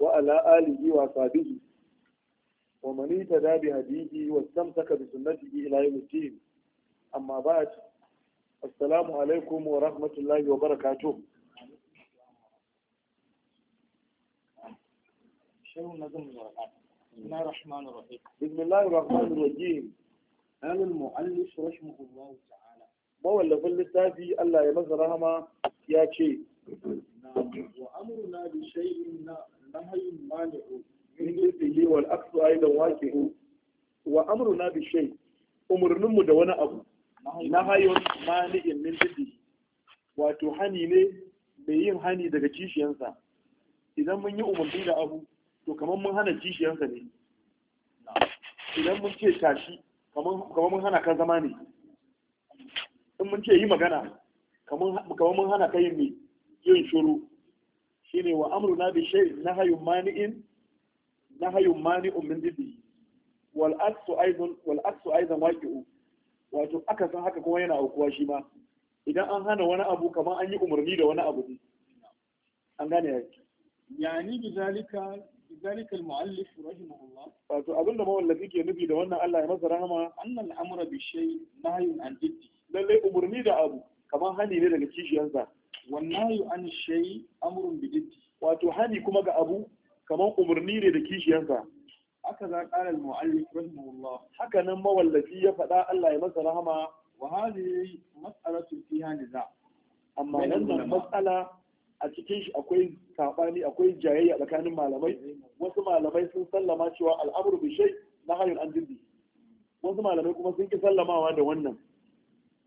وعلى آله وصحبه ومن اهتدى بهديه واستمسك بسنته إلى يوم الدين أما بعد السلام عليكم ورحمة الله وبركاته بسم الله الرحمن الرحيم قال المؤلف رحمه الله تعالى mawallafin littafi الله ya masa rahama وأمرنا بشيء نهي مانع من جنسه والعكس أيضا واقع وأمرنا بشيء umarninmu da wani abu na hayon mani'in min jidi wato hani ne mai yin hani daga kishiyansa idan mun yi umurni da abu to kamar mun hana kishiyansa ne idan mun ce tashi kamar mun hana ka zama ne in mun ce yi magana kamar mun hana ka yin ne yin shuru shine wa amruna bi shay nahyun mani'in nahyun mani'un min bid'i wal aksu aidan wal aksu aidan waqi'u wato aka san haka kuma yana aukuwa shi ma idan an hana wani abu kamar an yi umarni da wani abu an gane yani bi zalika ذلك المؤلف رحمه الله wato abin da mawallafi ke nufi da wannan Allah ya masa rahama annal amra bi shay nahyun an jiddi lalle umarni da abu kamar hani ne daga kishiyarsa wannan an shayi amurin bididdi wato hani kuma ga abu kamar umarni ne da kishiyarsa Aka za ƙarar mu'allif rahimahullah haka nan mawallafi ya faɗa Allah ya masa rahama wa hadi mas'alatu fiha niza amma nan da matsala a cikin shi akwai sabani akwai jayayya tsakanin malamai wasu malamai sun sallama cewa al'amru bi shay na hayun an wasu malamai kuma sun ki sallamawa da wannan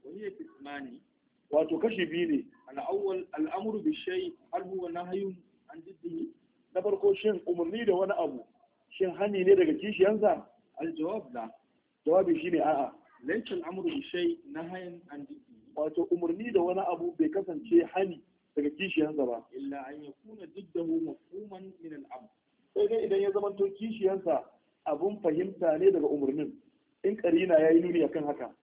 wani ya kismani wato kashi biyu ne al'awwal al'amuru bi shay na hayun nahyun an jiddihi na farko shin umarni da wani abu shin hani ne daga kishiyansa al-jawab la jawabi shine a'a laysa al'amuru bi na hayun an jiddihi wato umarni da wani abu bai kasance hani daga kishiyansa ba illa an yakuna diddahu mafhuman min al-amr sai dai idan ya zama to kishiyansa abun fahimta ne daga umarnin in karina ya yi nuni akan haka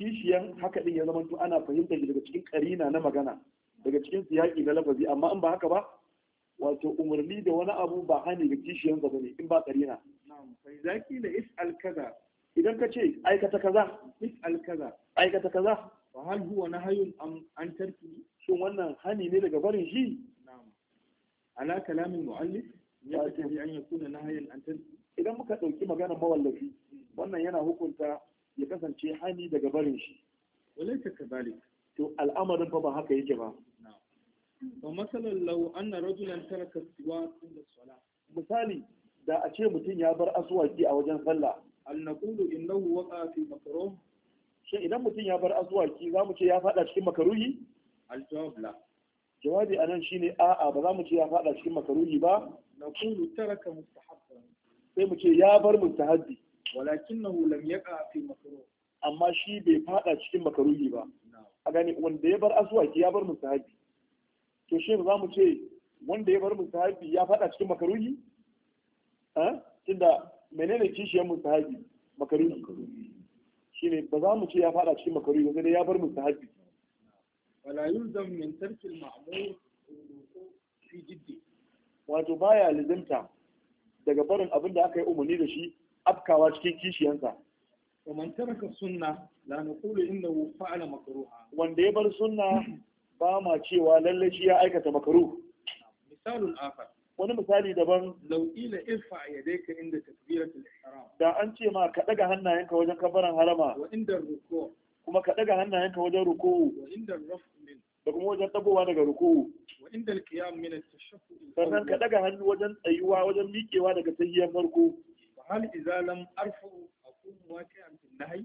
kishiyan haka din ya zama to ana fahimta shi daga cikin karina na magana daga cikin siyaki na lafazi amma in ba haka ba wato umarni da wani abu ba hani ga kishiyan ba ne in ba karina sai zaki da al kaza idan ka ce aikata kaza al kaza aikata kaza wa hal huwa nahyun am an tarki shin wannan hani ne daga barin shi na'am ala kalamin mu'allif ya tabi an yakuna nahyan an tarki idan muka dauki maganar mawallafi wannan yana hukunta ya kasance hani daga barin shi walaita kadhalik to al'amarin fa ba haka yake ba matsalar masalan law anna rajulan taraka siwak inda salat misali da a ce mutum ya bar aswaki a wajen sallah al naqulu innahu waqa fi makruh shi idan mutum ya bar aswaki za mu ce ya fada cikin makaruhi al jawab la jawabi anan shine a'a ba za mu ce ya fada cikin makaruhi ba naqulu taraka mustahabba. sai mu ce ya bar mustahabbi na lam yaqa fi makruh amma shi bai fada cikin makaruhi ba a gani wanda ya bar aswaki ya bar musahabi to shi za mu ce wanda ya bar musahabi ya fada cikin makaruhi eh tunda menene kishiyar musahabi shi ne ba za mu ce ya fada cikin makaruhi ba sai ya bar musahabi wala yulzam min tarkil ma'mur fi jiddi wato baya lizimta daga barin abin da aka yi umarni da shi afkawa cikin kishiyansa wa man taraka sunna la naqulu innahu fa'ala makruha wanda ya bar sunna ba ma cewa lalle shi ya aikata makruh. misalun akhar wani misali daban law ila irfa yadayka inda takbiratul ihram da an ce ma ka daga hannayenka wajen kabaran harama wa inda ruku kuma ka daga hannayenka wajen ruku wa inda rafmin da kuma wajen tabowa daga ruku wa inda alqiyam min at-tashahhud sannan ka daga hannu wajen tsayuwa wajen miƙewa daga tahiyyar farko hal izalam arfu akun waqi'an fil nahi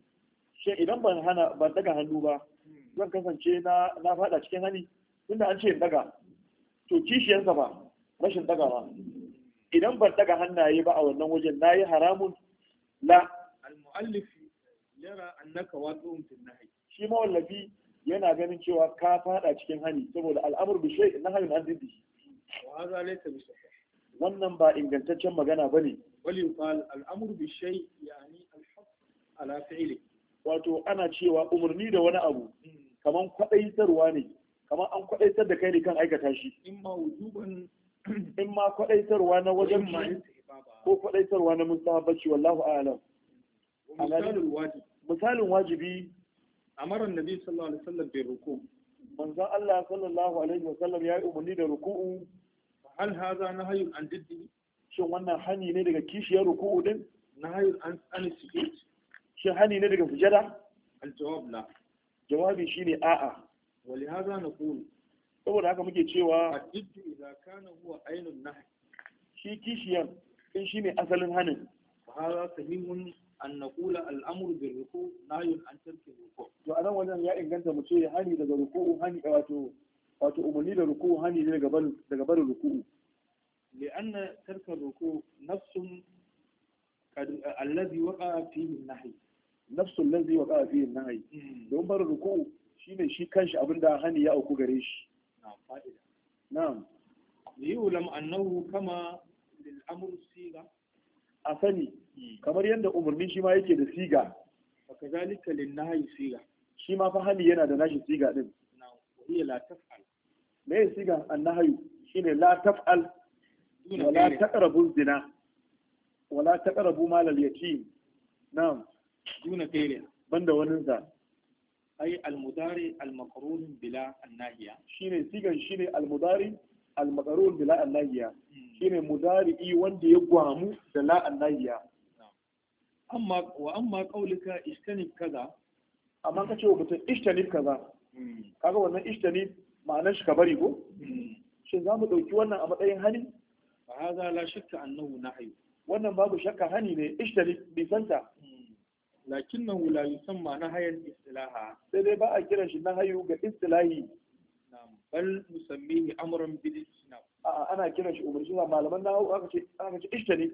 she idan ban hana ban daga hannu ba hmm. zan kasance na na fada cikin hani tunda an ce in daga to kishiyarsa ba rashin daga ba idan ban daga hannaye ba a wannan wajen na yi haramun la al-muallif yara annaka waqi'un fil nahi shi mawallafi yana ganin cewa ka fada cikin hani saboda al'amur bi shay'in nahyun an dindi wa hadha laysa bi wannan ba ingantaccen magana ba ne. al'amuru bi shay yani الحق ala fi'li wato ana cewa umarni da wani abu kaman kwadaitarwa ne kaman an kwadaitar da kai ne kan aikata shi in ma wujuban in ma kwadaitarwa na wajen ma ko kwadaitarwa na mustahabbaci wallahu a'lam misalin wajibi misalin wajibi amara annabi sallallahu alaihi wasallam bi ruku manzon Allah sallallahu alaihi wasallam ya yi umarni da ruku'u hal hadha nahyun an jiddi shin wannan hani ne daga kishiyar ruku'u din na hayu an an sujud shin hani ne daga sujada al jawab la jawabi shine a'a wali hadha naqul saboda haka muke cewa A addu idza kana huwa ainun na. shi kishiyar in shi ne asalin hanin hadha sahihun an naqula al amru bil ruku' yin an tarki ruku' to anan wajen ya inganta mu ce hani daga ruku'u hani wato wato umarni da ruku'u hani ne daga barin daga barin ruku'u لأن ترك الركوع نفس الذي وقع فيه النهي نفس الذي وقع فيه النهي don bar ruku shine shi kanshi abin da hani ya auku gare shi na'am fa'ida na'am yulam annahu kama lil siga a sani kamar yadda umarni shi ma yake da siga fakazalika lin nahyi siga shi fa hani yana da nashi siga din na'am wa la taf'al shine la taf'al wala taqrabu zina wala taqrabu mal al yatim na'am duna kayri banda wani sa ay al mudari al maqrun sigan shine al hmm. mudari al maqrun bila an nahiya shine wanda ya gwamu da la an nahiya amma wa amma kaza amma kace wa mutum istanib kaza hmm. kaga wannan istanib ma'anar shi ka bari ko hmm. shin za mu ɗauki wannan a matsayin hali? fa hadha la shakka annahu nahyu wannan babu shakka hani ne ishtari bisanta lakinnahu la yusamma hayan istilaha sai dai ba a kiran shi na nahayu ga istilahi bal musammihi amran bil istinaf A'a ana kiran shi umarni malaman na nahawu aka ce aka ce ishtari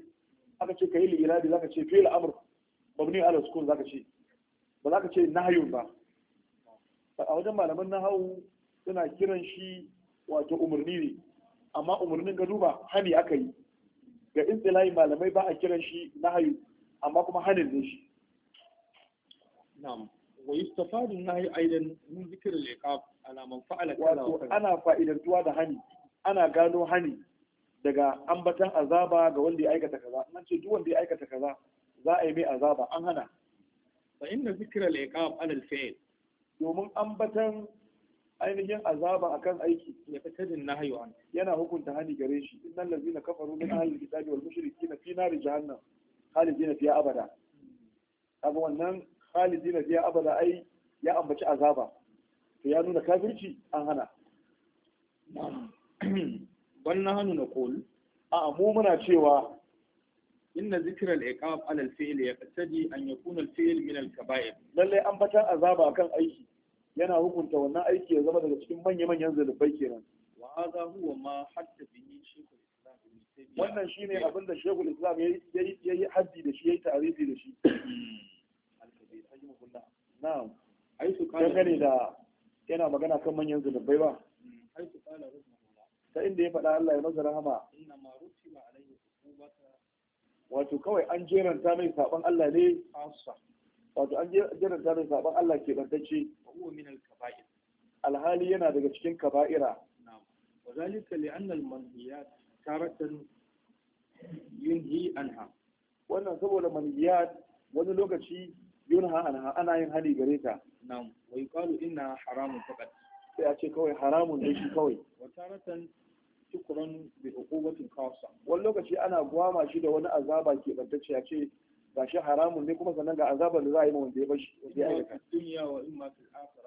aka ce kai lirabi zaka ce fi'il amr mabni ala sukun zaka ce ba zaka ce na nahyun ba a wajen malaman na nahawu suna kiran shi wato umarni ne amma umarnin ga duba hani aka yi ga istilahi malamai ba a kiran shi na hayu amma kuma hanin ne shi na'am wa yustafadu nahyi aidan min zikr al-iqab ala man fa'ala kaza wato ana fa'idantuwa da hani ana gano hani daga ambatan azaba ga wanda ya aikata kaza nan ce duk wanda ya aikata kaza za a yi mai azaba an hana fa inna zikr al-iqab ala al-fi'l domin ambatan ainihin azaba akan aiki ya fitadin nahyu an yana hukunta hani gare shi innal ladzina kafaru min ahli kitabi wal mushrikeena fi nari jahannam khalidina fiha abada kaga wannan khalidina fiha abada ai ya ambaci azaba to ya nuna kafirci an hana wannan hannu na kol a mu muna cewa inna zikra al-iqab ala al-fi'l yaqtadi an yakuna al-fi'l min al-kaba'ir lalle ambatan azaba akan aiki yana hukunta wannan aiki ya zama daga cikin manya-manyan zulubai kenan wa hadha huwa ma hatta bihi shaykhul islam wannan shine abin da shekul islam ya yi haddi da shi ya yi ta'rifi da shi na'am ai su kana dangane da yana magana kan manyan zulubai ba mm, ai su ta inda ya faɗa Allah ya masa rahama inna ma rutima alayhi hukubata wato kawai an jeranta mai saban Allah ne wato an jeranta mai saban Allah ke bantacce fa huwa min al-kaba'ir alhali yana daga cikin kaba'ira na'am wa zalika li anna al-manhiyat taratan yunhi anha wannan saboda manhiyat wani lokaci yunha anha ana yin hali gare ta na'am wa yuqalu inna haramun faqat sai a ce kawai haramun ne shi kawai wa taratan shukran bi uqubatin khassa wani lokaci ana gwama shi da wani azaba ke bantacce a ce ga shi haramun ne kuma sannan ga azabar da za a yi ma wanda ya bashi wanda ya aikata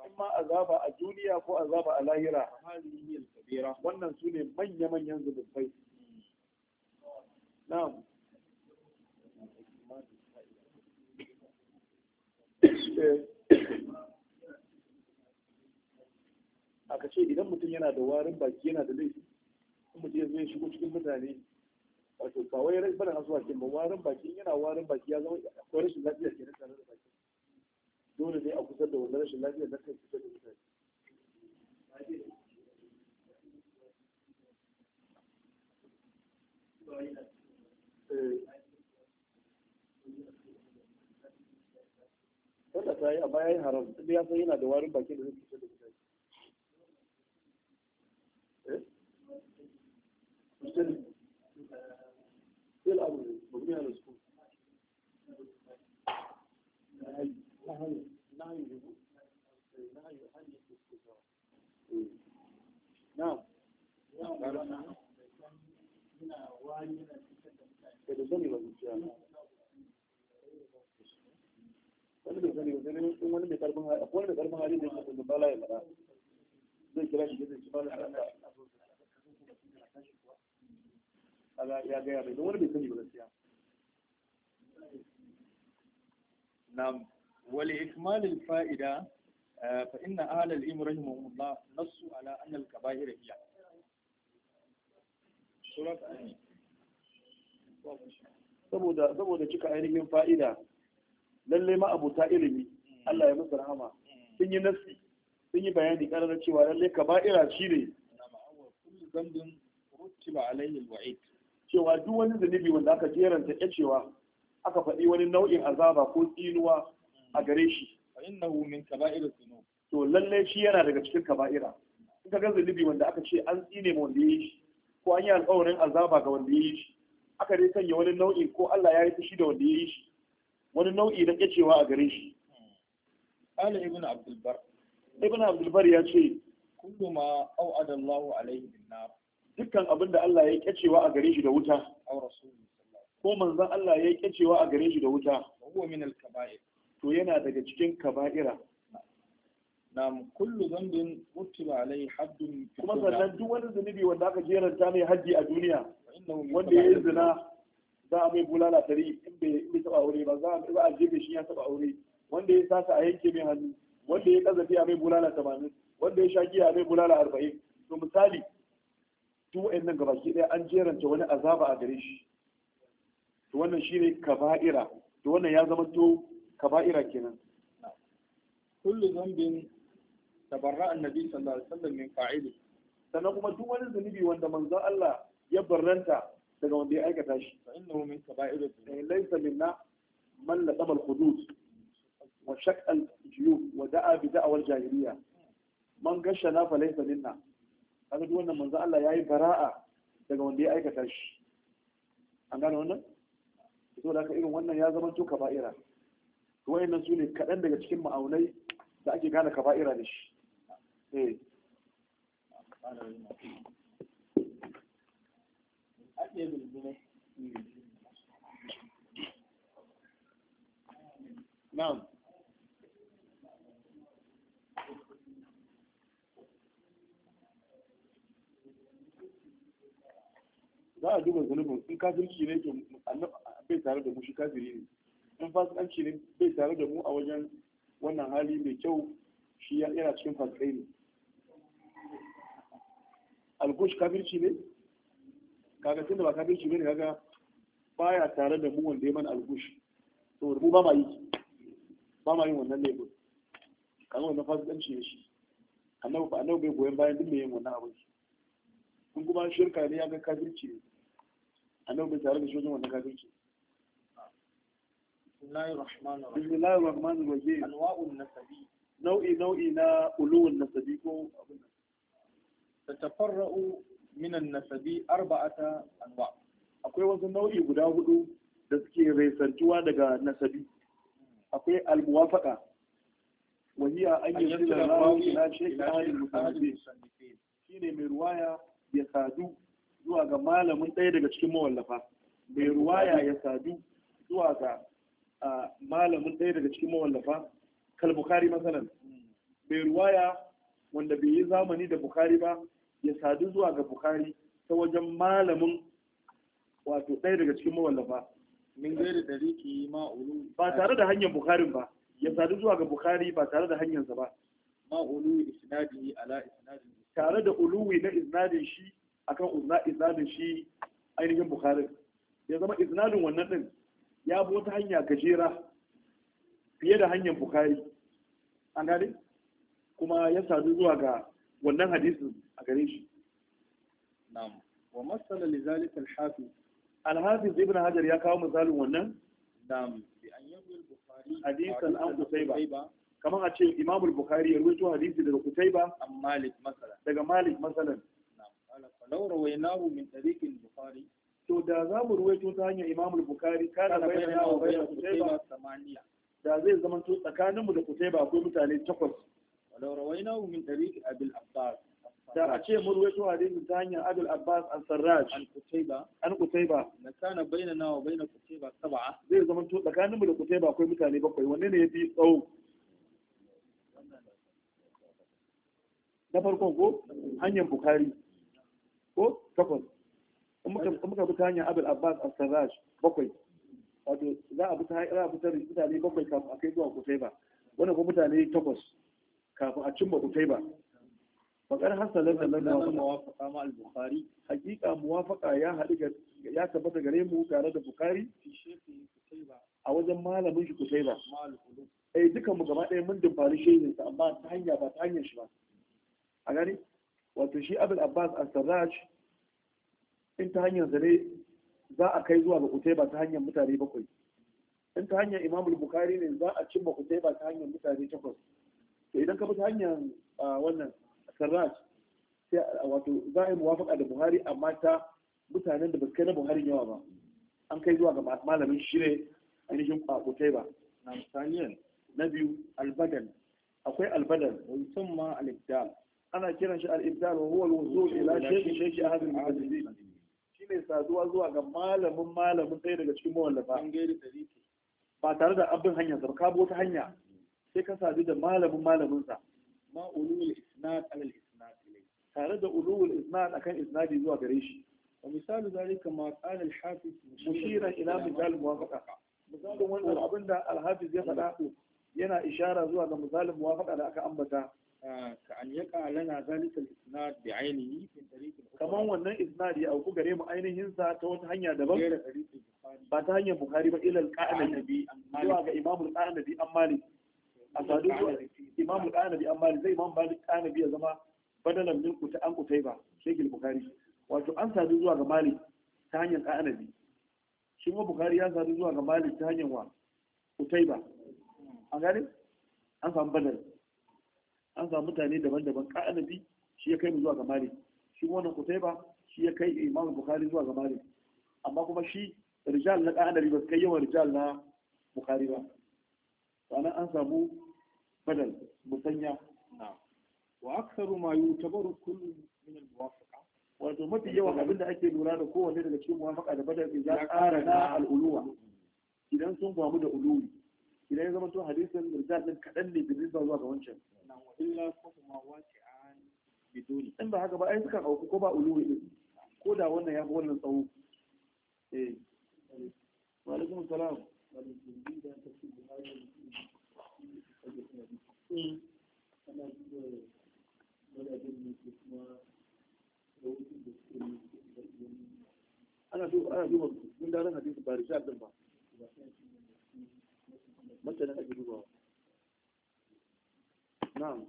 Amma azaba a duniya ko azaba a lahira wannan su ne manya-manyan zububai na'am aka ce idan mutum yana da warin baki yana da laifi kuma ya zai shigo cikin mutane wato ba wai rai bana asuwa ke ba warin baki yana warin baki ya zama akwai rashin lafiya ke nan tare da baki dole ne a kusa da wannan rashin lafiya na kai kusa da eh. Wanda ta yi a baya haram, ya san yana da warin baki da zai kusa da Eh? wani karfin hali da bala ya mara zai kira shi zai bala ya kaga ya gaya mai don wani bai sani ba gaskiya nam wal ikmal al fa'ida eh, fa inna ahla al ilm rahimahumullah nassu ala anna al kaba'ir hiya surat ani saboda saboda cika ainihin fa'ida lalle ma abuta ilimi mm. Allah ya musu rahama mm. sun yi bayani karar cewa lalle kaba'ira shine zambin ruttiba alayhi al-wa'id cewa duk wani zunubi wanda aka jeranta ya cewa aka faɗi wani nau'in azaba ko tsinuwa a gare shi to lallai shi yana daga cikin kaba'ira in ka ga zunubi wanda aka ce an tsine ma wanda yayi shi ko an yi alƙawarin azaba ga wanda yayi shi aka dai sanya wani nau'i ko Allah ya yi fushi da wanda yayi shi wani nau'i na cewa a gare shi Ali ibn Abdulbar. Ibn Abdulbar ya ce, يا شيخ كل ما أوعد الله dukkan abin da Allah ya kyacewa a gare shi da wuta ko manzon Allah ya kyacewa a gare shi da wuta to yana daga cikin kaba'ira nam kullu dhanbin kutiba alayhi haddun kuma sannan duk wani zunubi wanda aka jeranta mai haddi a duniya wanda ya yi zina za a mai bulala tari in bai taba aure ba za a jefe shi ya taba aure wanda ya sasa a yanke mai hannu wanda ya kazafi a mai bulala tamanin wanda ya sha giya a mai bulala arba'in to misali duk wa'annan gabaki ɗaya an jeranta wani azaba a gare shi to wannan shine kaba'ira to wannan ya zama to kaba'ira kenan kullu zambin tabarra annabi sallallahu alaihi wasallam min fa'ili sannan kuma duk wani zunubi wanda manzon Allah ya barranta daga wanda ya aikata shi fa innahu min kaba'iri dhunub eh, laysa minna man laqaba al-hudud wa shaqqa al-juyub wa da'a bi da'wa al-jahiliya man gashana fa laysa minna kaga duk wannan manzo Allah yayi bara'a daga wanda ya aikata shi an gane wannan to da irin wannan ya zama to kaba'ira to wayannan su ne kaɗan daga cikin ma'aunai da ake gane kaba'ira da shi eh Na'am. za a duba zunubin in kafirci ne ke bai tare da mu shi kafiri ne in fasikanci ne bai tare da mu a wajen wannan hali mai kyau shi yana cikin fasikai ne algush kafirci ne kaga tun da ba kafirci ne kaga baya tare da mu wanda ya mana algush to mu ba ma yi ba ma yi wannan lebur kaga wannan fasikanci ne shi annabi annabi bai goyon bayan duk mai yin wannan abin in kuma shirka ne ya ga kafirci ne annabi bai tare da shi wajen wannan kafirci bismillahir rahmanir rahim anwa'un nasabi nau'i nau'i na uluwun nasabi ko abin nan tatafarra'u min an-nasabi arba'ata anwa' akwai wasu nau'i guda hudu da suke resantuwa daga nasabi akwai al-muwafaqa wa hiya an yusila ila shay'in ayyul musannifin shine mai ruwaya ya sadu zuwa ga malamin ɗaya daga cikin mawallafa mai ruwaya ya sadu zuwa ga malamin ɗaya daga cikin mawallafa kal bukari masalan mai ruwaya wanda bai yi zamani da bukari ba ya sadu zuwa ga bukari ta wajen malamin wato ɗaya daga cikin mawallafa min gairi da riki ma'ulu ba tare da hanyar bukarin ba ya sadu zuwa ga bukari ba tare da hanyarsa ba ma'ulu isnadi ala isnadi tare da uluwi na isnadin shi akan uzna isnadin shi ainihin bukhari ya zama isnadin wannan din ya bi wata hanya gajera fiye da hanyar bukhari an gane kuma ya sadu zuwa ga wannan hadisin a gare shi na'am wa masala lidhalika al-hafiz al-hafiz ibn hajar ya kawo misalin wannan na'am bi an yawil bukhari hadisan an kutaiba kamar a ce imamul bukhari ya rawaito hadisi daga kutaiba an malik masalan daga malik masalan ta'ala falau rawainahu min al bukhari to da za mu ruwaito ta hanyar al bukhari kana bayyana wa bayyana kutaiba samaniya da zai zama to tsakaninmu da kutaiba ko mutane takwas walau rawainahu min tariqi abil abbas da a ce mu ruwaito hadisin ta hanyar abul abbas al sarraj al kutaiba al kutaiba na kana bayyana wa bayyana kutaiba sab'a zai zama to tsakaninmu da kutaiba ko mutane bakwai wanne ne yafi tsawo na farkon ko hanyar bukari ko takwas in muka bi ta hanyar abul abbas as-sarraj bakwai wato za a bi ta za a bi mutane bakwai kafin a kai zuwa kutaiba wannan kuma mutane takwas kafin a cimma kutaiba fakar hasalar da nan muwafaqa ma al-bukhari hakika muwafaqa ya hadu ya tabbata gare mu tare da bukhari a wajen malamin shi kutaiba eh dukan mu gaba ɗaya mun dumfari shehin sa amma ta hanya ba ta hanyar shi ba a gani wato shi abin abbas a sarraj in ta hanyar zare za a kai zuwa ga ba ta hanyar mutane bakwai in ta hanyar imam bukari ne za a cimma ba ta hanyar mutane takwas to idan ka bi ta hanyar wannan sarraj sai wato za a yi muwafaka da buhari amma ta mutanen da ba su kai na buhari yawa ba an kai zuwa ga malamin shi ne ainihin ba na na biyu albadan akwai albadan wani sun ma alibdal ana kiran shi al-ibdal wa huwa al-wuzu' ila shaykh shaykh ahad al-muhaddithin shine saduwa zuwa ga malamin malamin ɗaya daga cikin mawallafa ba tare da abin hanya ba ka wata hanya sai ka sadu da malamin malaminsa. ma ulul isnad al-isnad tare da ulul isnad akan isnadi zuwa gare shi wa misalu zalika ma qala al-hafiz mushiran ila mithal muwafaqa misalin wannan abinda al-hafiz ya faɗa yana ishara zuwa ga misalin muwafaqa da aka ambata ka an lana zalika isnad ainihi Kamar kaman wannan isnad ya auku gare mu ainihin sa ta wata hanya daban ba ta hanyar bukari ba ilal qanabi zuwa ga imamul al bi an mali, a sadu imamul al bi an mali, zai imam malik bi ya zama badalan min kuta an kutai ba shekil bukari wato an sadu zuwa ga mali ta hanyar bi shi ma bukari ya sadu zuwa ga mali ta hanyar wa kutai ba an gane an samu badal an samu mutane daban-daban ka'anabi shi ya kai mu zuwa ga malik shi wannan kutaiba shi ya kai imam bukhari zuwa ga amma kuma shi rijal na ka'anabi ba kai yawan rijal na bukhari ba sannan an samu badal musanya wa aksaru ma yutabaru kullu min al-muwafaqa wato mafi yawan abin da ake lura da kowanne daga cikin muwafaqa da badal za ƙara na al'uluwa idan sun gwamu da uluwi idan ya zama to hadisin rijal din kadan ne da zuwa ga wancan in ba haka ba ai suka auku ko ba uluwi din ko da wannan ya fi wannan tsawo eh wa alaikum salam ana duba ana duba mun da ran hadisi ba rijal din ba mutanen ake dubawa na'am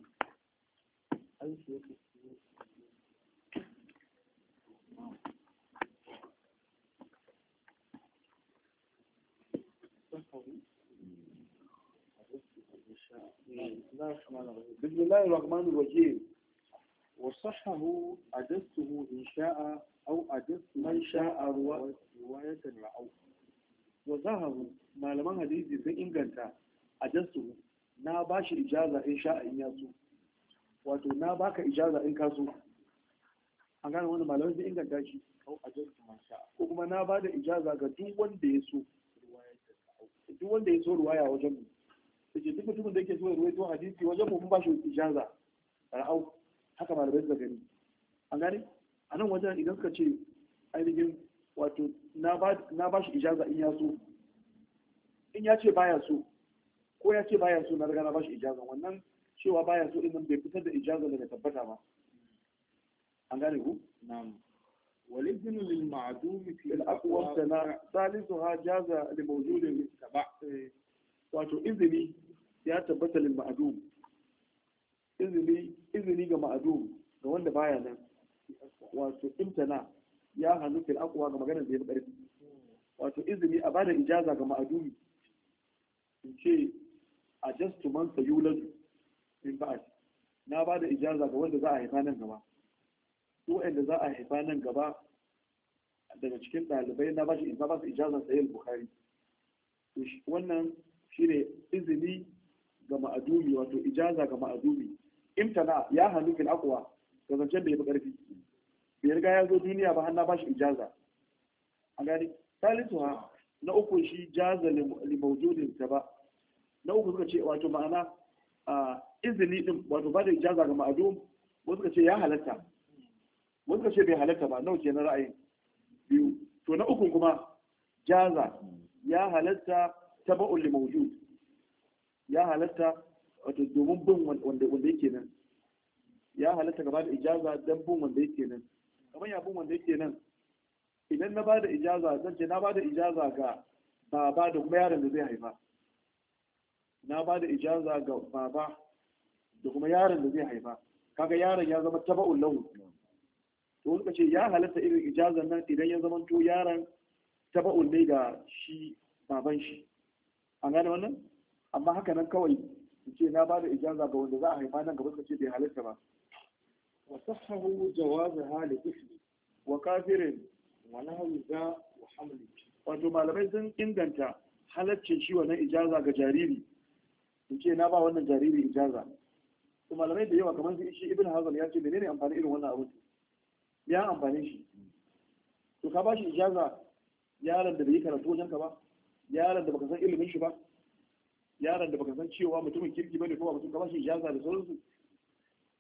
بسم الله الرحمن الرحيم وصحه أدسته إن شاء أو أدس من شاء رواية رأوه وظهروا ما لم حديث إن إنجلتا أدسته na ba shi ijaza in sha in ya so wato na baka ijaza in ka so an gane wani malamai zai inganta shi ko kuma na ba da ijaza ga duk wanda ya so duk wanda ya so ruwaya wajen mu take duk mutumin da yake so ya ruwaito hadisi wajen mu mun ba shi ijaza ra'au haka malamai suka gani an gane a nan wajen idan suka ce ainihin wato na ba shi ijaza in ya so in ya ce baya so ko ya ce baya so na riga na bashi ijaza wannan cewa baya so din bai fitar da ijaza daga tabbata ba an gane ku na'am والإذن للمعدوم في الأقوى سنة ثالثها جاز لموجود تبع wato izini ya tabbata lil ma'dum izini izini ga ma'dum ga wanda baya nan wato intana ya hannu fil aqwa ga maganar da ya karfi wato izini a bada ijaza ga ma'dumi in ce A ajastu man sayulad in ba'd na ba da ijaza ga wanda za a haifa nan gaba duk wanda za a haifa nan gaba daga cikin ɗalibai na ba shi in ba su ijaza sayil bukhari wannan shine izini ga ma'adumi wato ijaza ga ma'adumi imtana ya hannu fil aqwa ga zancen da ya fi ƙarfi bai riga ya zo duniya ba har na ba shi ijaza a gani salisu ha na uku shi jaza li ta ba na uku suka ce wato ma'ana izini din wato ba da ijaza ga ma'adu wasu suka ce ya halatta wasu suka ce bai halatta ba nawa na ra'ayin biyu to na uku kuma jaza ya halatta ta li limauju ya halatta wato domin bin wanda yake nan ya halatta gaba da ijaza don bin wanda yake nan kamar ya bin wanda yake nan idan na ba da ijaza zan ce na ba da ijaza ga baba da kuma yaron da zai haifa na ba da ijaza ga baba da kuma yaron da zai haifa kaga yaron ya zama taba'un lahu to wani ce ya halatta irin ijazan nan idan ya zama to yaron taba'un ne ga shi baban shi an gane wannan amma haka nan kawai ce na ba da ijaza ga wanda za a haifa nan gaba suka ce bai halatta ba wa sahahu jawazi hali ismi wa kafirin wa nahwi za wa hamli wato malamai sun inganta halaccin shi wannan ijaza ga jariri in ce na ba wannan jariri ijaza to malamai da yawa kamar shi ibn hazal ya ce menene amfani irin wannan abin ya amfani shi to ka ba shi ijaza yaron da bai karatu wajen ka ba yaron da baka san ilimin shi ba yaron da baka san cewa mutumin kirki bane ko ba mutum ka ba shi ijaza da sauransu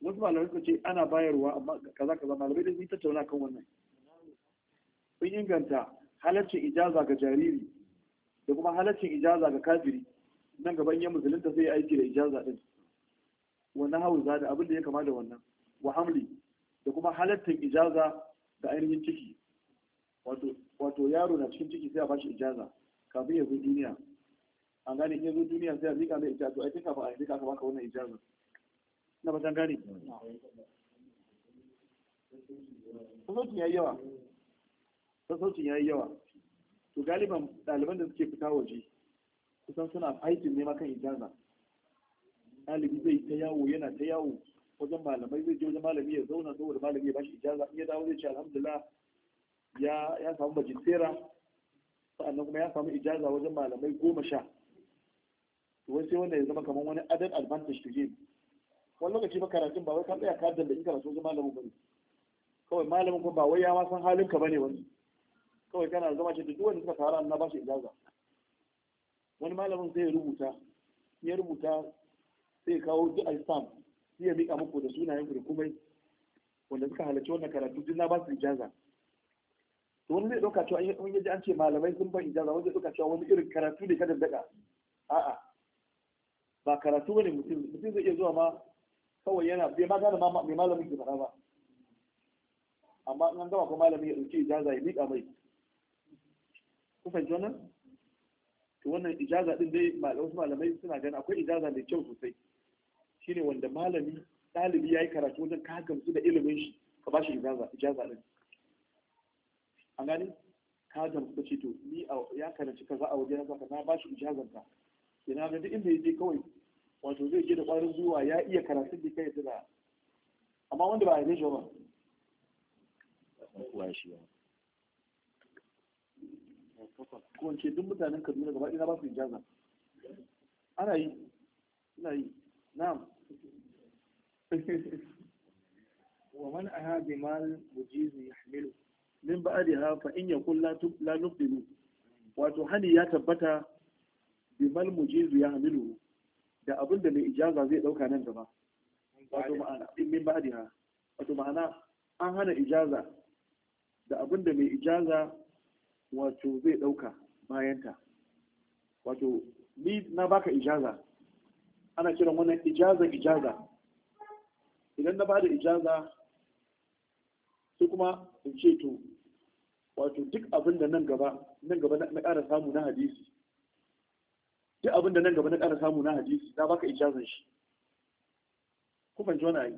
wasu malamai suka ce ana bayarwa amma kaza kaza malamai da sun tattauna kan wannan sun inganta halarcin ijaza ga jariri da kuma halarcin ijaza ga kafiri nan gaban ya musulunta zai aiki da ijaza din wannan za da abin da ya kama da wannan wa hamli da kuma halattar ijaza da ainihin ciki wato yaro na cikin ciki sai a bashi ijaza kafin ya zo duniya an gane ya zo duniya sai a rika mai ijaza ai ba a rika aka baka wannan ijaza na ba gane sassaucin ya yi yawa sassaucin ya yi yawa to galiban ɗaliban da suke fita waje kusan suna fighting ne kan ijaza ɗalibi zai ta yawo yana ta yawo wajen malamai zai je wajen malami ya zauna saboda malami ya bashi ijaza ya dawo zai ce alhamdulillah ya ya samu majistera sa'annan kuma ya samu ijaza wajen malamai goma sha wai sai wanda ya zama kamar wani added advantage to game wani lokaci ba karatun ba wai ka tsaya ka dalla karatu wajen malamin ne kawai malamin kuma ba wai ya ma san halin ka ne wani kawai kana zama ce duk wanda suka tara na bashi ijaza wani malamin zai rubuta ya rubuta sai kawo duk alfam sai ya mika muku da sunayen da kuma wanda suka halarci wannan karatu duk na ba su ijaza to wani zai dauka cewa in yaji an ce malamai sun ban ijaza wani zai dauka cewa wani irin karatu ne kada daga a'a ba karatu bane mutum mutum zai iya zuwa ma kawai yana bai ma gane mai malamin ke faɗa ba amma in an gama ko malamin ya dauki ijaza ya mika mai ku fahimci wannan to wannan ijaza din dai wasu malamai suna ganin akwai ijaza mai kyau sosai shine wanda malami ɗalibi ya yi karatu wajen ka gamsu da ilimin shi ka ba shi ijaza din an gani ka gamsu da ce to ni ya karanci kaza a wajen haka na ba shi ijazar ka ina ga duk inda ya je kawai wato zai je da ƙwarin zuwa ya iya karatun da kai tana amma wanda ba a yi shi ba ko in ce duk mutanen kaduna gaba ina ba su ijaza ana yi ina yi na'am wa man aha bi mal mujizi yahmilu min ha, fa in yakun la la nubdilu wato hani ya tabbata bi mal mujizi yahmilu da abin da mai ijaza zai dauka nan gaba wato ma'ana min ha. wato ma'ana an hana ijaza da abin da mai ijaza wato zai ɗauka bayanta wato ni na baka ijaza ana kiran wannan ijaza ijaza idan na bada ijaza sai kuma in ce to wato duk abin da nan gaba nan gaba na ƙara samu na hadisi duk abin da nan gaba na ƙara samu na hadisi na baka ijazan shi kuma jona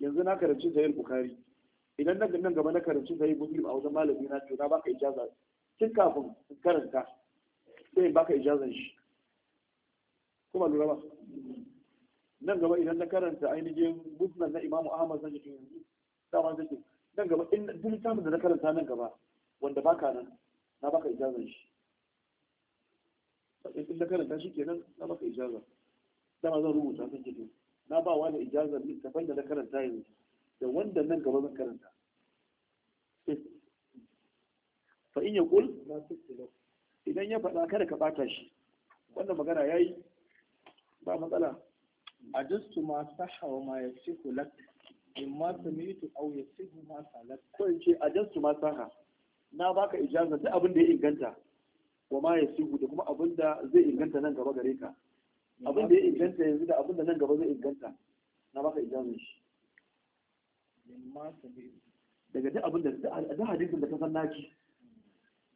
yanzu na karanci zayar bukari idan na nan gaba na karanci sai muslim a wajen malami na to na baka ijaza tun kafin karanta sai baka ijazan shi kuma lura ba nan gaba idan na karanta ainihin musnad na imamu ahmad zan yi yanzu dama zan nan gaba in duk samun da na karanta nan gaba wanda baka nan na baka ijazan shi in na karanta shi kenan na baka ijaza dama zan rubuta zan yi na ba wani ijaza littafin da na karanta yanzu da wanda nan gaba zan karanta fa in ya kul idan ya faɗa kada ka ɓata shi wannan magana ya yi ba matsala a jistu ma saha wa ma yasihu lak in ma samitu aw yasihu ma lak. ko in ce a jistu ma saha na baka ijaza duk abin da ya inganta wa ma yasihu da kuma abin da zai inganta nan gaba gare ka abin da ya inganta yanzu da abin da nan gaba zai inganta na baka ijazin shi daga duk abin da duk hadisin da ka san naki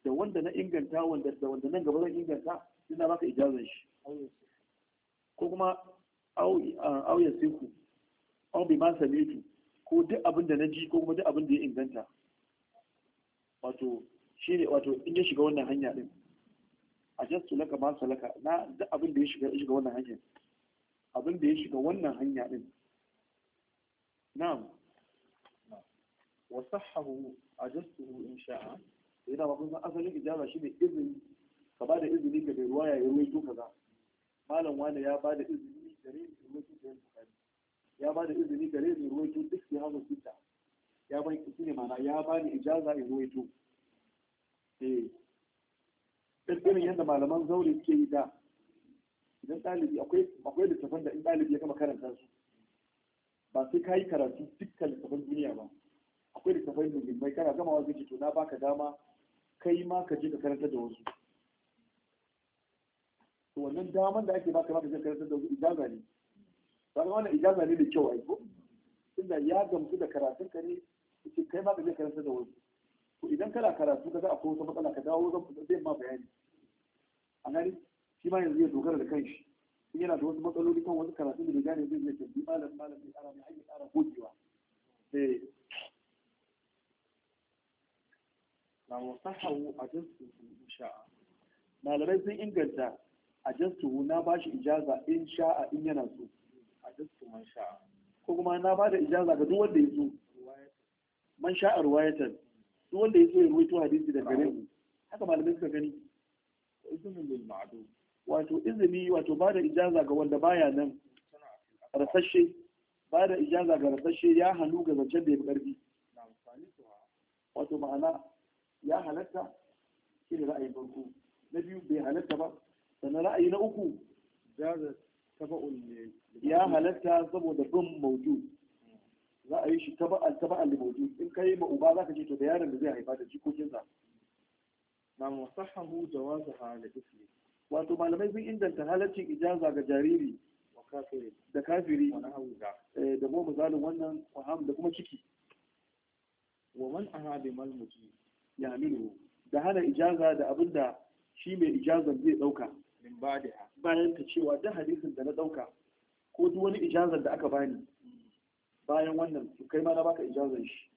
da wanda na inganta wanda da wanda nan gaba zan inganta ina baka ijazan shi ko kuma au ya siku au bi ma samitu ko duk abin da na ji ko kuma duk abin da ya inganta wato shi ne wato in ya shiga wannan hanya din a jastu laka ma salaka na duk abin da ya shiga shiga wannan hanya abin da ya shiga wannan hanya din na'am wa sahahu ajastuhu in sha'a yana ba kun san asalin ijaba shine izini ka ba da izini ga mai ruwaya ya yi ruwaito kaza malam wani ya ba da izini gare ni ruwaito da bukari ya ba da izini gare ni ruwaito duk sai hazo sita ya ba ki ne mana ya ba ni ijaza in ruwaito eh irin yadda malaman zaure suke yi da idan ɗalibi akwai akwai littafan da in ɗalibi ya kama karanta su ba sai ka yi karatu dukkan littafan duniya ba akwai littafai muhimmai kana gamawa zai ce to na baka dama kai ma ka je ka karanta da wasu to wannan daman da ake baka baka je karanta da wasu ijaza ne ba ga wannan ijaza ne da kyau ai ko tunda ya gamsu da karatun ka ne yace kai ma ka je karanta da wasu to idan kana karatu ka za a ko wata matsala ka dawo zan ma bayani a gani shi ma yanzu ya dogara da kanshi in yana da wasu matsaloli kan wasu karatun da bai gane zai zai tambi malam malam mai ara mai hanyar ara gogewa sai. Eh. na wasahahu a jinsu sha'a malamai sun inganta a jinsu na ba shi ijaza in sha'a in yana so a jinsu man sha'a ko kuma na ba da ijaza ga duk wanda ya so man sha'a ruwayatar duk wanda ya so ya ruwaito hadisi da gare mu haka malamai suka gani izinin lil ma'du wato izini wato ba da ijaza ga wanda baya nan rasashe ba da ijaza ga rasashe ya hannu ga zancen da ya fi ƙarfi wato ma'ana ya halatta shi ne ra'ayin farko na biyu bai halatta ba sannan ra'ayi na uku ya halatta saboda bin maudu za a yi shi taba'al taba'al da maudu in kai ma uba za ka ce to da yaron da zai haifa da jikokinsa na musahahu jawazu hala isli wato malamai sun inganta halaccin ijaza ga jariri da kafiri eh, da kuma misalin wannan da kuma ciki wa man aha bi mal ya minu da hana ijaza da abin da shi mai ijazar zai dauka. bayan ta cewa duk hadisin da na dauka, ko duk wani ijazar da aka bani bayan wannan to kai ma na baka ijazar shi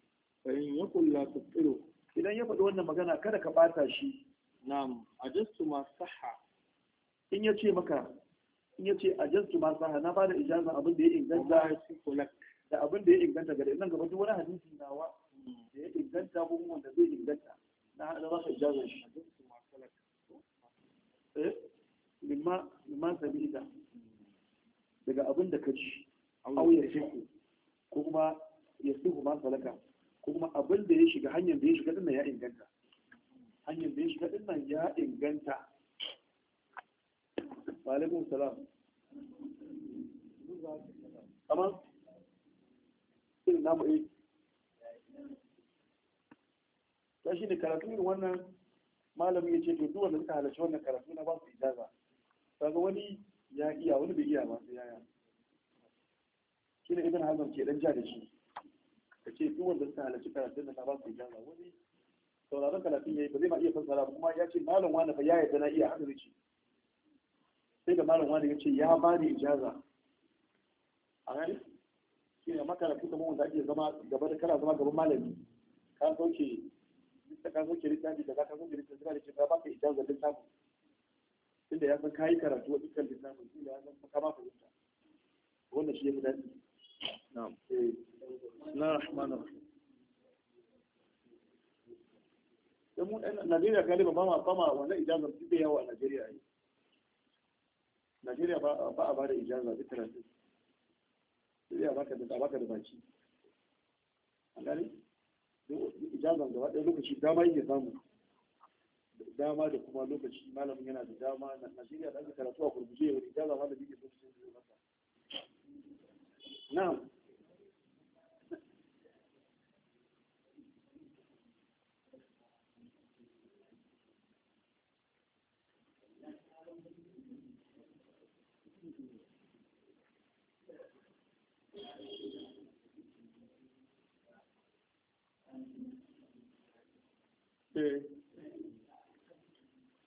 bayan ya kulla tsiro idan ya faɗi wannan magana kada ka ɓata shi na'am ajastu ma sahha in ya ce maka in ya ce ajastu ma sahha na bada ijazar abin da ya inganta da abin da ya inganta gare nan gaba duk wani hadisi nawa da ya inganta ko kuma wanda zai inganta na hada za ka jaza shi limma eh, sabida daga abin da ka ci auyar shi ko kuma ya sihu ma salaka ko kuma abin da ya shiga hanyar da ya shiga dinnan ya inganta hanyar da ya shiga dinnan ya inganta alaikum salam amma irin namu eh ta shi ne karatu irin wannan malami ya ce to duk wanda suka halarci wannan karatu na ba su ijaza kaga wani ya iya wani bai iya ba sai yaya shi ne ibn hazm ke dan ja da shi ka ce duk wanda suka halarci karatu na ba su ijaza wani sauraron karatun yi ba zai ma iya fassara ba kuma ya ce malam wani ba ya yarda na iya haka zai sai da malam wani ya ce ya ba ni ijaza a gani shi ne makaratu kamar wanda ake zama gaba da kana zama gaban malami ka sauke da ka soke littafi da ka soke littafi suna da cewa ba ka ijazar littafin inda ya san kayi karatu a dukkan littafin inda ya san ka ma fahimta wannan shi ya fi daɗi na eh. rahmanu dan mu ɗan Najeriya galiba ba ma ba ma wannan ijazar duk da yawa a Najeriya yi Najeriya ba a ba da ijaza duk talatin sai a baka da baki an gane ijazan gaba ɗaya lokaci dama yake samu dama da kuma lokaci malamin yana da dama na Najeriya da ake karatu a kurkuce ya wani ma da bige sosai na'am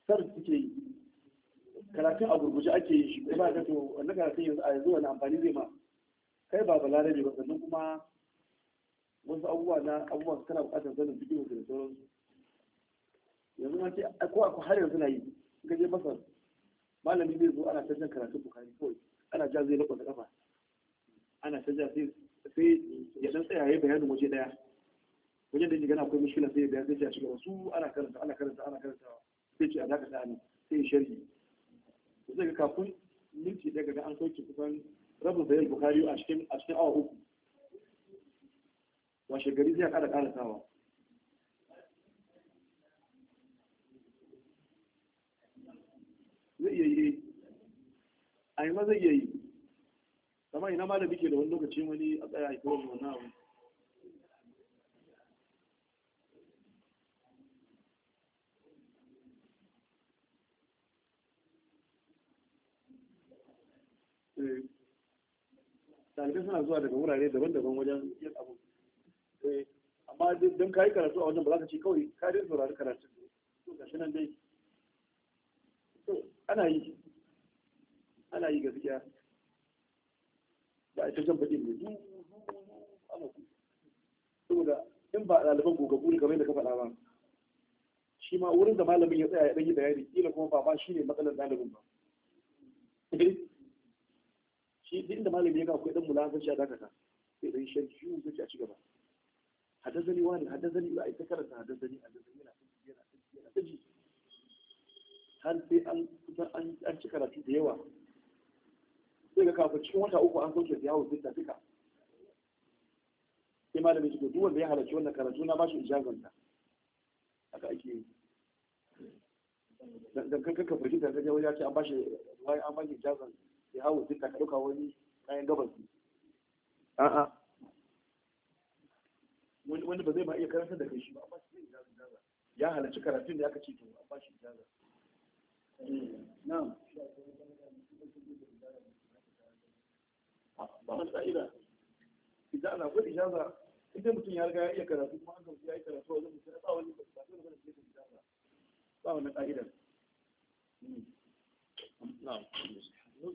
sar suke yi karatun a gurguje ake yi shi kuma ga to wannan karatun yanzu a yanzu wani amfani zai ma kai ba ba balarabe ba sannan kuma wasu abubuwa na abubuwa su kana bukatar sanin bidiyo da sauransu yanzu ma ce ko a har yanzu na yi ga je masar malami zai zo ana ta jan karatun bukari kawai ana ja zai lakwata kafa ana ta ja sai ya dan tsaya ya bayanin waje daya wajen da yake gana akwai mushkila sai ya biya sai ya shiga wasu ana karanta ana karanta ana karanta sai ce a daga da ne sai ya sharhi zai ga kafin minti daga da an soke kusan rabin sayar bukari a cikin a cikin awa uku washe gari zai kara karatawa zai iya yi a yi ma zai iya yi amma ina malami ke da wani lokaci wani a tsaya a yi kawai wani abu talibai suna zuwa daga wurare daban-daban wajen yin abu eh, amma don kayi karatu a wajen ba za ka ce kawai ka dai saurari karatu to ga shi nan dai ana yi ana yi gaskiya ba a cancan baƙin ne saboda in ba ɗaliban goga buri kamar yadda ka faɗa ba shi ma wurin da malamin ya tsaya ya ɗanyi bayani kila kuma ba ba shi ne matsalar ɗalibin ba eh, shi duk inda malami ya ga akwai dan mulafin shi a dakata sai dan shan shi zai a ci gaba wa ne haddazani ba a yi ta karanta haddazani haddazani yana yana yana ta ji har sai an kusan an ci karatu da yawa sai ga kafin cikin wata uku an soke da yawon duk duka sai malamin shi duk wanda ya halarci wannan karatu na ba shi ijazanta haka ake yi dan kan kaka fahimta ta jawo ya ce an ba shi an ba shi ijazanta ya hawo duka ka ɗauka wani kayan gabas a'a wani ba zai ma iya karantar da kai shi ba amma shi ya halarci karatun da aka ce to an ba shi ijaza eh, na'am ba wani ka'ida idan ana kwa ijaza inda mutum ya riga ya iya karatu kuma an gamsu ya yi karatu wajen mutum ya ba wani ba wani ba da ijaza ba wani ka'idar hmm. na'am بسم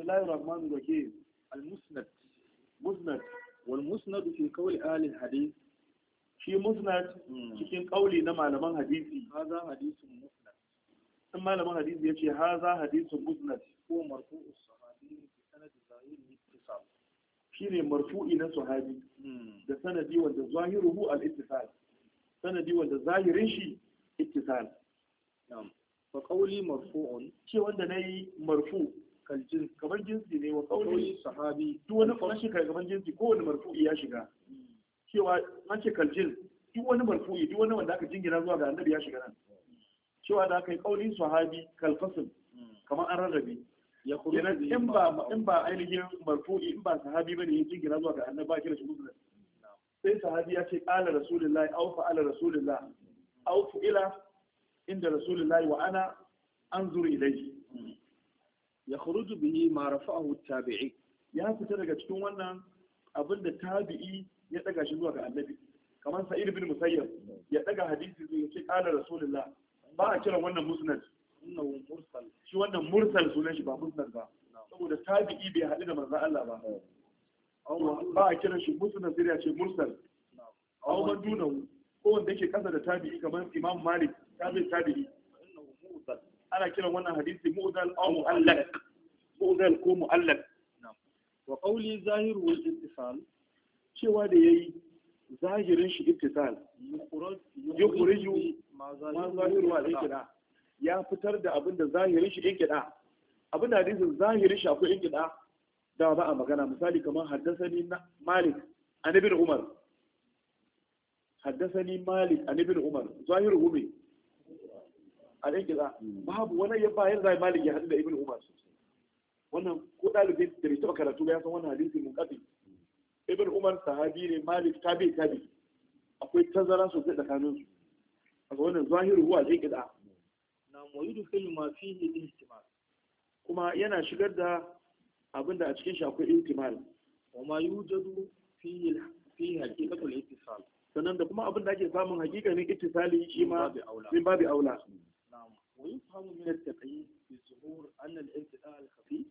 الله الرحمن الرحيم المسند مسند والمسند في قول آل الحديث shi musnad hmm. cikin kauli na malaman hadisi haza hadisun musnad in malaman hadisi ya ce haza hadisun musnad ko marfu'u sahabi bi sanadi zahiri ittisal shine marfu'i na sahabi hmm. da sanadi wanda zahiruhu al ittisal sanadi wanda zahirin shi ittisal na'am wa kauli marfu'un ce wanda nayi marfu kal kamar jinsi ne wa kauli sahabi duk wani shi kai kamar jinsi ko wani marfu'i ya shiga cewa an ce kal jins duk wani marfu'i duk wani wanda aka jingina zuwa ga annabi ya shiga nan cewa da kai kauli sahabi kal kamar an rarrabe ya kuma in ba in ba ainihin marfu'i in ba sahabi bane ya jingina zuwa ga annabi ba kira shi musulmi sai sahabi ya ce qala rasulullahi aw fa'ala rasulullahi aw fu'ila inda rasulullahi wa ana anzuru ilayhi ya khuruju bihi ma rafa'ahu tabi'i ya fita daga cikin wannan abinda tabi'i ya daga shi zuwa ga annabi kamar sa'id ibn musayyab ya daga hadisi zuwa ce qala rasulullah ba a kiran wannan musnad innahu mursal shi wannan mursal sunan shi ba musnad ba saboda tabi'i bai haɗu da manzon Allah ba ba a kiran shi musnad sai ya ce mursal aw man dunahu ko wanda yake kasa da tabi'i kamar imam malik ana kiran wannan hadisi mu'dal aw mu'allaq mu'dal ko mu'allaq wa qawli zahiru wal ittisal cewa da yayi zahirin shi ittisal yukhriju ma zahiru wal ittisal ya fitar da abin da zahirin shi inkida abin da hadisin zahirin shi akwai inkida da ba a magana misali kamar haddasani malik an ibn umar haddasani malik umar zahiru umar a rigida babu wani ya bayan zai maliki ya hadu da ibn umar sosai. wannan ko dalibin da bai taba karatu ba ya san wannan hadisi mun kafi ibn umar sahabi ne malik tabi tabi akwai tazara sosai tsakanin su kaga wannan zahiru huwa rigida na muyidu kai ma fihi ihtimal kuma yana shigar da abinda a cikin shi akwai ihtimal wa ma yujadu fihi fihi haqiqatul ittisal sannan da kuma abin da ake samun hakikanin ittisali shi ma min babu aula ويفهم من التقييد بظهور أن الابتداء الخفي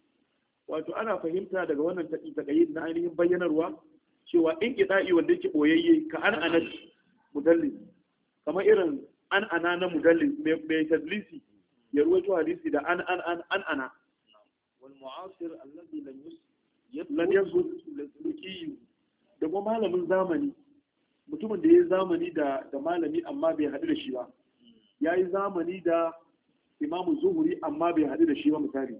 wato ana fahimta daga wannan taƙayyid na ainihin bayyanarwa cewa in kidai wanda yake boyayye ka an ana mudallis kamar irin an ana na mudallis mai tadlisi ya ruwaito hadisi da an an an an ana wal mu'asir alladhi lam lam yazud lasuluki da kuma malamin zamani mutumin da ya yi zamani da malami amma bai haɗu da shi ba ya yi zamani da imamu zuhuri amma bai haɗu da shi ba misali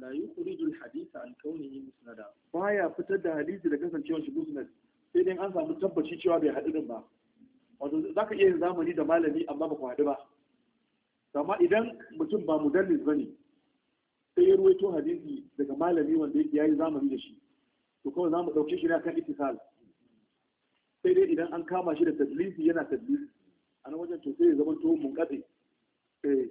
la yukhrijul haditha an kaunihi musnada baya fitar da hadisi da kasancewar shi musnad sai dai an samu tabbaci cewa bai haɗu din ba wato zaka iya yin zamani da malami amma ba ku haɗu ba amma idan mutum ba mudallis bane sai ya ruwaito hadisi daga malami wanda yake yayi zamani da shi to kawai mu dauke shi ne kan itisal sai dai idan an kama shi da tadlisi yana tadlisi a wajen to sai ya zama to munqati eh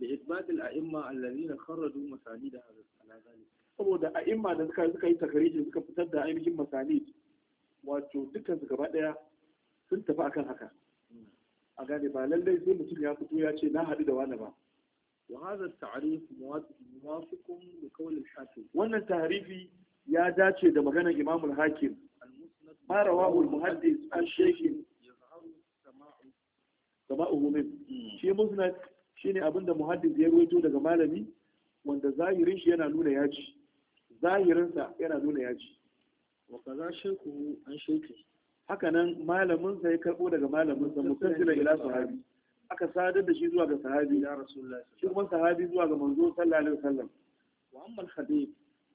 da ibad al-a'imma alladhina kharaju masanid hadha al-kalam saboda a'imma da suka suka yi takariji suka fitar da ainihin masanid wato dukkan su gaba daya sun tafi akan haka a gane ba lallai sai mutum ya fito ya ce na hadu da wani ba wa hadha at-ta'rif muwafiqun li qawl al-hakim wannan ta'rifi ya dace da maganar imam al-hakim ma rawahu al-muhaddith an shaykh sama'u sama'u min hmm. shi musnad shine abin da muhaddis ya ruwaito daga malami wanda zahirin shi yana nuna yaji zahirinsa yana nuna yaji wa kaza shehu an sheki haka nan malamin sa ya karbo daga malamin sa mutasila ila sahabi aka sadar da shi zuwa ga sahabi ya rasulullahi shi kuma sahabi zuwa ga manzo sallallahu alaihi wasallam wa amma al-khabib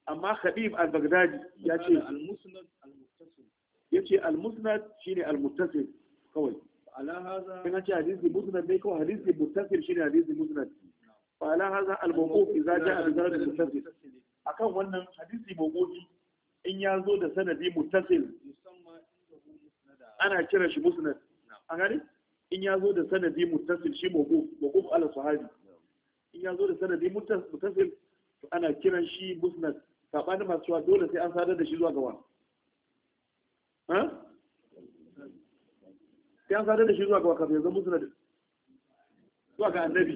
amma khabib al-baghdadi yace al-musnad al-muttasil yace al-musnad shine al-muttasil kawai ala haza ina ce hadisi musnad ne ko hadisi mutasir shine hadisi musnad fa ala haza al mawquf akan wannan hadisi mawqufi in ya zo da sanadi mutasil ana kira shi musnad an gani in ya zo da sanadi mutasil shi mawquf mawquf ala sahabi in ya zo da sanadi mutasil to ana kiran shi musnad sabanin masu cewa dole sai an sadar da shi zuwa gaba. ha sai an sadar da shi zuwa ga zama zan musnad zuwa ga annabi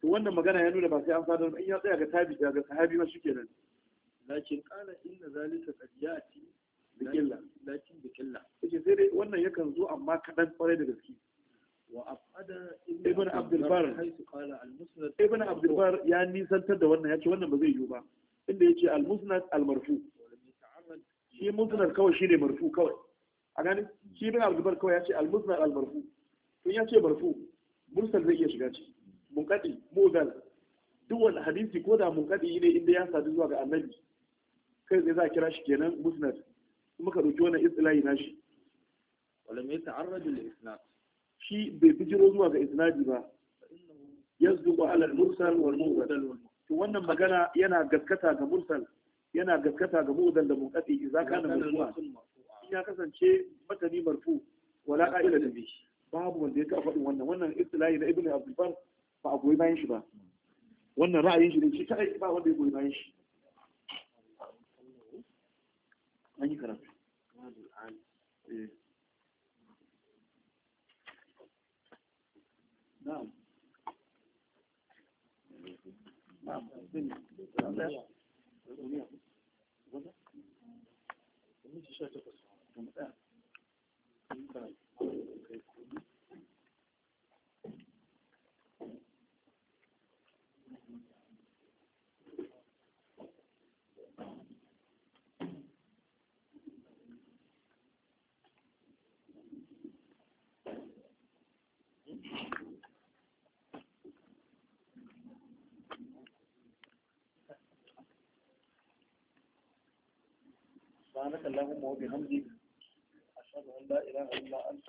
to wannan magana ya nuna ba sai an sadar in ya tsaya ga tabi ga sahabi ma shikenan lakin qala inna zalika qad ya'ti bikilla lakin bikilla yace sai dai wannan yakan zo amma kadan kwarai da gaske wa afada ibn abdul bar haisu qala al musnad ibn abdul bar ya nisantar da wannan yace wannan ba zai yiwu ba inda yace al musnad al marfu shi musnad kawai shine marfu kawai a gani shi bin al kawai ya ce al-musnad al-marfu tun ya ce marfu mursal zai iya shiga ci munkadi mudal duk wani hadisi ko da munkadi ne inda ya sadu zuwa ga annabi kai zai za a kira shi kenan musnad Kuma ka dauki wannan shi.' wala mai yata'arraj al-isnad shi bai bijiro zuwa ga isnadi ba yasduqu ala mursal wal mudal to wannan magana yana gaskata ga mursal yana gaskata ga mudal da munqadi idan kana mursal ya kasance matani marfu wala ka'ila da bi babu wanda ya taɓa faɗin wannan wannan istilahi na ibnu abdulbar ba a goyi bayan shi ba wannan ra'ayin shi ne shi kai ba wanda ya goyi bayan shi an yi karatu na'am na'am na'am سبحانك اللهم وبحمدك أشهد أن لا إله إلا أنت